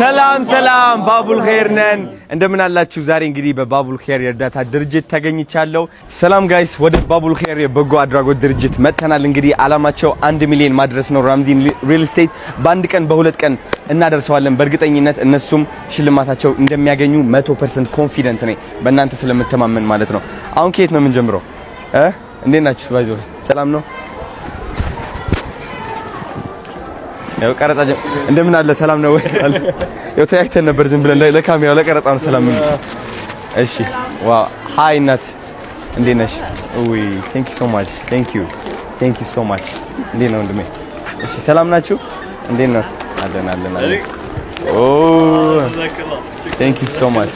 ሰላም ሰላም፣ ባቡል ኸይር ነን። እንደምን አላችሁ? ዛሬ እንግዲህ በባቡል ኸይር የእርዳታ ድርጅት ተገኝቻለሁ። ሰላም ጋይስ፣ ወደ ባቡል ኸይር የበጎ አድራጎት ድርጅት መጥተናል። እንግዲህ አላማቸው አንድ ሚሊዮን ማድረስ ነው። ራምዚን ሪል ስቴት በአንድ ቀን በሁለት ቀን እናደርሰዋለን በእርግጠኝነት። እነሱም ሽልማታቸው እንደሚያገኙ መቶ 100% ኮንፊደንት ነኝ፣ በእናንተ ስለምተማመን ማለት ነው። አሁን ከየት ነው የምንጀምረው? እንዴት ናችሁ? ባይዞ ሰላም ነው ያው ቀረጻ እንደምን አለ ሰላም ነው ወይ ያው ተያይተን ነበር ዝም ብለን ለካሜራው ለቀረጻ ነው ሰላም ነው። እሺ ዋ ሃይ እናት እንዴት ነሽ? ኡይ ቴንክ ዩ ሶ ማች ቴንክ ዩ ቴንክ ዩ ሶ ማች። እንዴት ነው ወንድሜ? እሺ ሰላም ናችሁ? እንዴት ነው? አለን አለን አለን። ኦ ቴንክ ዩ ሶ ማች።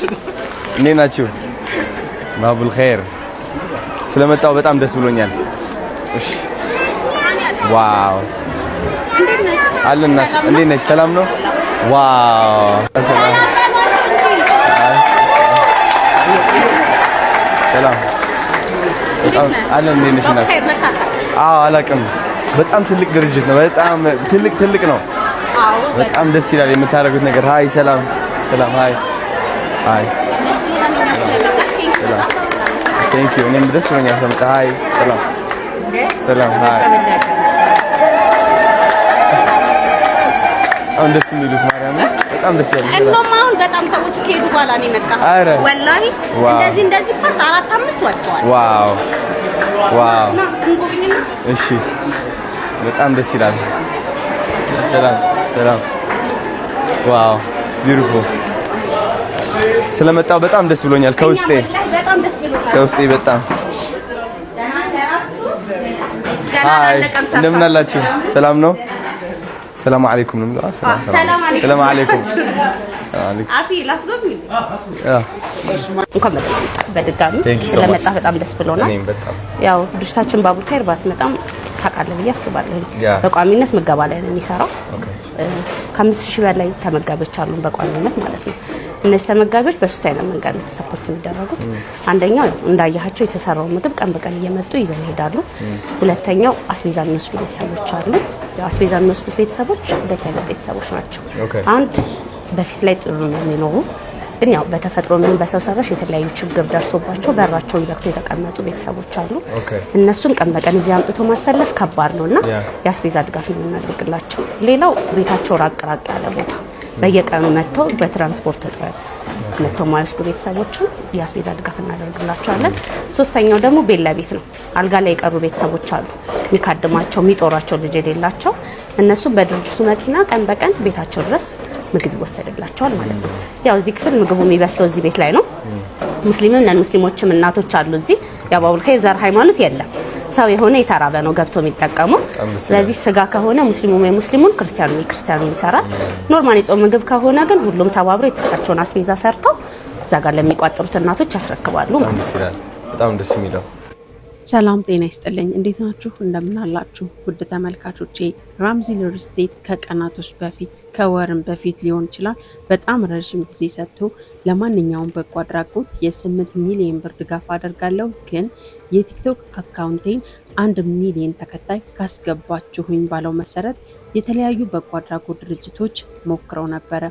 እንዴት ናችሁ? ባቡል ኸይር ስለመጣው በጣም ደስ ብሎኛል። እሺ ዋው አለና እንዴት ነሽ? ሰላም ነው? ዋው ሰላም አለን። እንዴት ነሽ? አዎ አላውቅም። በጣም ትልቅ ድርጅት ነው። በጣም ትልቅ ትልቅ ነው። በጣም ደስ ይላል የምታደርጉት ነገር። ሀይ ሰላም ሰላም ሀይ ሀይ ሰላም ቴንክ ዩ እኔም ደስ ብሎኛል። ሰላም ሀይ ሰላም ሰላም ሀይ በጣም ደስ የሚሉት ማርያም በጣም ደስ ያለው እንደውም አሁን በጣም ሰዎች ከሄዱ በኋላ ነው አረ ወላሂ እንደዚህ እንደዚህ ፓርት አራት አምስት ወጥቷል። ዋው ዋው! እሺ፣ በጣም ደስ ይላል። ሰላም ሰላም። ዋው ቢዩቲፉል። ስለመጣው በጣም ደስ ብሎኛል ከውስጤ ከውስጤ በጣም እንደምን አላችሁ? ሰላም ነው ሰላም አለይኩም ነው የሚለው። ሰላም አለይኩም እንኳን በድጋሚ ስለመጣ በጣም ደስ ብሎናል። ያው ድርጅታችን ባቡል ካይር ባትመጣም ታውቃለህ ብዬ አስባለሁ። በቋሚነት ምገባ ላይ ነው የሚሰራው። ከአምስት ሺህ በላይ ተመጋቢዎች አሉን በቋሚነት ማለት ነው። እነዚህ ተመጋቢዎች በሶስት አይነት መንገድ ነው ሰፖርት የሚደረጉት። አንደኛው እንዳያቸው የተሰራው ምግብ ቀን በቀን እየመጡ ይዘው ይሄዳሉ። ሁለተኛው አስቤዛ የሚወስዱ ቤተሰቦች አሉ። አስቤዛ የሚወስዱ ቤተሰቦች ሁለት አይነት ቤተሰቦች ናቸው። አንድ በፊት ላይ ጥሩ ነው የሚኖሩ ግን ያው በተፈጥሮ ምንም በሰው ሰራሽ የተለያዩ ችግር ደርሶባቸው በራቸውን ዘግቶ የተቀመጡ ቤተሰቦች አሉ። እነሱን ቀን በቀን እዚህ አምጥቶ ማሰለፍ ከባድ ነው እና የአስቤዛ ድጋፍ ነው የምናደርግላቸው። ሌላው ቤታቸው ራቅ ራቅ ያለ ቦታ በየቀኑ መጥተው በትራንስፖርት እጥረት መጥተው ማይወስዱ ቤተሰቦችን የአስቤዛ ድጋፍ እናደርግላቸዋለን። ሶስተኛው ደግሞ ቤላ ቤት ነው። አልጋ ላይ የቀሩ ቤተሰቦች አሉ፣ የሚካድማቸው የሚጦራቸው ልጅ የሌላቸው እነሱ በድርጅቱ መኪና ቀን በቀን ቤታቸው ድረስ ምግብ ይወሰድላቸዋል ማለት ነው። ያው እዚህ ክፍል ምግቡ የሚበስለው እዚህ ቤት ላይ ነው። ሙስሊምም ነን ሙስሊሞችም እናቶች አሉ እዚህ። የአባቡል ኸይር ዘር ሃይማኖት የለም ሰው የሆነ የተራበ ነው ገብቶ የሚጠቀሙ። ስለዚህ ስጋ ከሆነ ሙስሊሙ የሙስሊሙን ክርስቲያኑ የክርስቲያኑን ይሰራል። ኖርማል የጾም ምግብ ከሆነ ግን ሁሉም ተባብሮ የተሰጣቸውን አስቤዛ ሰርተው እዛ ጋር ለሚቋጠሩት እናቶች ያስረክባሉ ማለት ነው። በጣም ደስ የሚለው ሰላም ጤና ይስጥልኝ። እንዴት ናችሁ? እንደምናላችሁ ውድ ተመልካቾቼ፣ ራምዚ ሪል ስቴት ከቀናቶች በፊት ከወርም በፊት ሊሆን ይችላል በጣም ረዥም ጊዜ ሰጥቶ ለማንኛውም በጎ አድራጎት የስምንት ሚሊዮን ብር ድጋፍ አደርጋለሁ ግን የቲክቶክ አካውንቴን አንድ ሚሊዮን ተከታይ ካስገባችሁኝ ባለው መሰረት የተለያዩ በጎ አድራጎት ድርጅቶች ሞክረው ነበረ።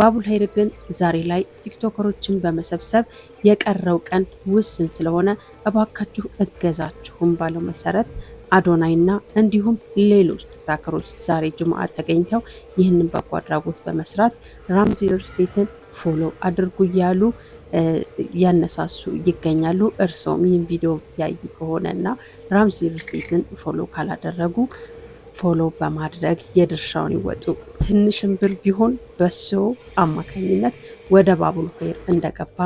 ባቡል በአቡልሀይር ግን ዛሬ ላይ ቲክቶከሮችን በመሰብሰብ የቀረው ቀን ውስን ስለሆነ እባካችሁ እገዛችሁም ባለው መሰረት አዶናይ አዶናይና እንዲሁም ሌሎች ቲክቶከሮች ዛሬ ጁምዓ ተገኝተው ይህንን በጎ አድራጎት በመስራት ራምዚ ሪል ስቴትን ፎሎ አድርጉ እያሉ ያነሳሱ ይገኛሉ። እርስዎም ይህን ቪዲዮ ያዩ ከሆነ እና ራምዚ ሪል ስቴትን ፎሎ ካላደረጉ ፎሎ በማድረግ የድርሻውን ይወጡ። ትንሽም ብር ቢሆን በሶ አማካኝነት ወደ ባቡል ሀይር እንደገባ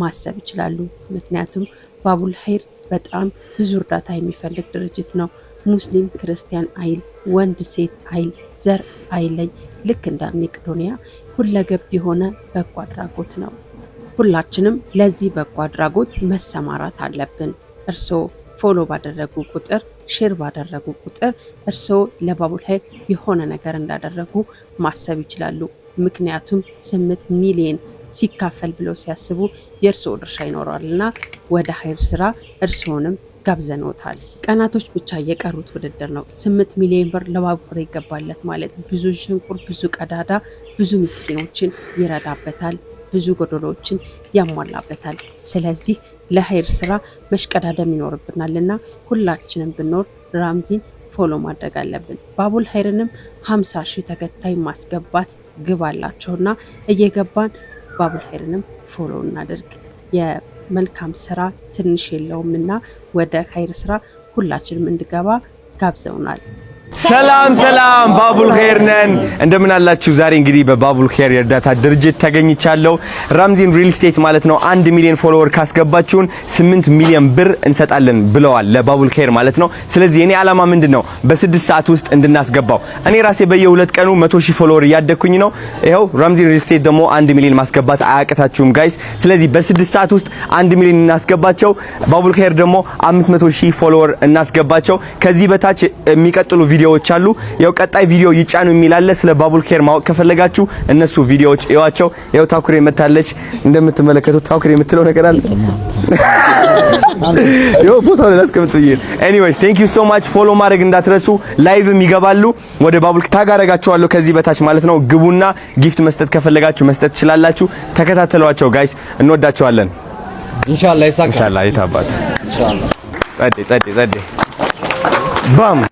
ማሰብ ይችላሉ። ምክንያቱም ባቡል ሀይር በጣም ብዙ እርዳታ የሚፈልግ ድርጅት ነው። ሙስሊም ክርስቲያን አይል፣ ወንድ ሴት አይል፣ ዘር አይለይ። ልክ እንደ መቄዶንያ ሁለገብ የሆነ በጎ አድራጎት ነው። ሁላችንም ለዚህ በጎ አድራጎት መሰማራት አለብን። እርስዎ ፎሎ ባደረጉ ቁጥር ሼር ባደረጉ ቁጥር እርስዎ ለባቡል የሆነ ነገር እንዳደረጉ ማሰብ ይችላሉ። ምክንያቱም ስምንት ሚሊየን ሲካፈል ብለው ሲያስቡ የእርስዎ ድርሻ ይኖረዋልና ወደ ሀይር ስራ እርስዎንም ጋብዘንዎታል። ቀናቶች ብቻ የቀሩት ውድድር ነው። ስምንት ሚሊዮን ብር ለባቡር ይገባለት ማለት ብዙ ሽንቁር፣ ብዙ ቀዳዳ፣ ብዙ ምስኪኖችን ይረዳበታል ብዙ ጎደሎችን ያሟላበታል። ስለዚህ ለሀይር ስራ መሽቀዳደም ይኖርብናል እና ሁላችንም ብንኖር ራምዚን ፎሎ ማድረግ አለብን። ባቡል ሀይርንም ሀምሳ ሺህ ተከታይ ማስገባት ግብ አላቸውና እየገባን ባቡል ሀይርንም ፎሎ እናደርግ የመልካም ስራ ትንሽ የለውም እና ወደ ሀይር ስራ ሁላችንም እንድገባ ጋብዘውናል። ሰላም ሰላም፣ ባቡል ኸይር ነን። እንደምን አላችሁ? ዛሬ እንግዲህ በባቡል ኸይር የእርዳታ ድርጅት ተገኝቻለሁ። ራምዚን ሪል ስቴት ማለት ነው። አንድ ሚሊዮን ፎሎወር ካስገባችሁን ስምንት ሚሊዮን ብር እንሰጣለን ብለዋል፣ ለባቡል ኸይር ማለት ነው። ስለዚህ የኔ ዓላማ ምንድን ነው? በስድስት ሰዓት ውስጥ እንድናስገባው። እኔ ራሴ በየሁለት ቀኑ መቶ ሺህ ፎሎወር እያደግኩኝ ነው። ይኸው ራምዚን ሪል ስቴት ደግሞ አንድ ሚሊዮን ማስገባት አያቅታችሁም ጋይስ። ስለዚህ በስድስት ሰዓት ውስጥ አንድ ሚሊዮን እናስገባቸው። ባቡል ኸይር ደግሞ 500 ሺህ ፎሎወር እናስገባቸው። ከዚህ በታች የሚቀጥሉ ቪዲዮ ቪዲዮዎች አሉ። ያው ቀጣይ ቪዲዮ ይጫኑ የሚላለ ስለ ባቡል ኬር ማወቅ ከፈለጋችሁ እነሱ ቪዲዮዎች እዩዋቸው። ያው ታኩሬ መታለች እንደምትመለከቱ ታኩሬ የምትለው ነገር አለ ያው ቦታው ላይ ላስቀምጥ ብዬ። ኤኒዌይስ ቴንክ ዩ ሶ ማች። ፎሎ ማድረግ እንዳትረሱ። ላይቭም ይገባሉ ወደ ባቡል ታጋረጋችኋለሁ ከዚህ በታች ማለት ነው። ግቡና ጊፍት መስጠት ከፈለጋችሁ መስጠት ትችላላችሁ። ተከታተሏቸው ጋይስ፣ እንወዳቸዋለን። ኢንሻአላህ ይሳካ። ኢንሻአላህ ይታባት። ኢንሻአላህ ጸዴ ጸዴ ጸዴ ባም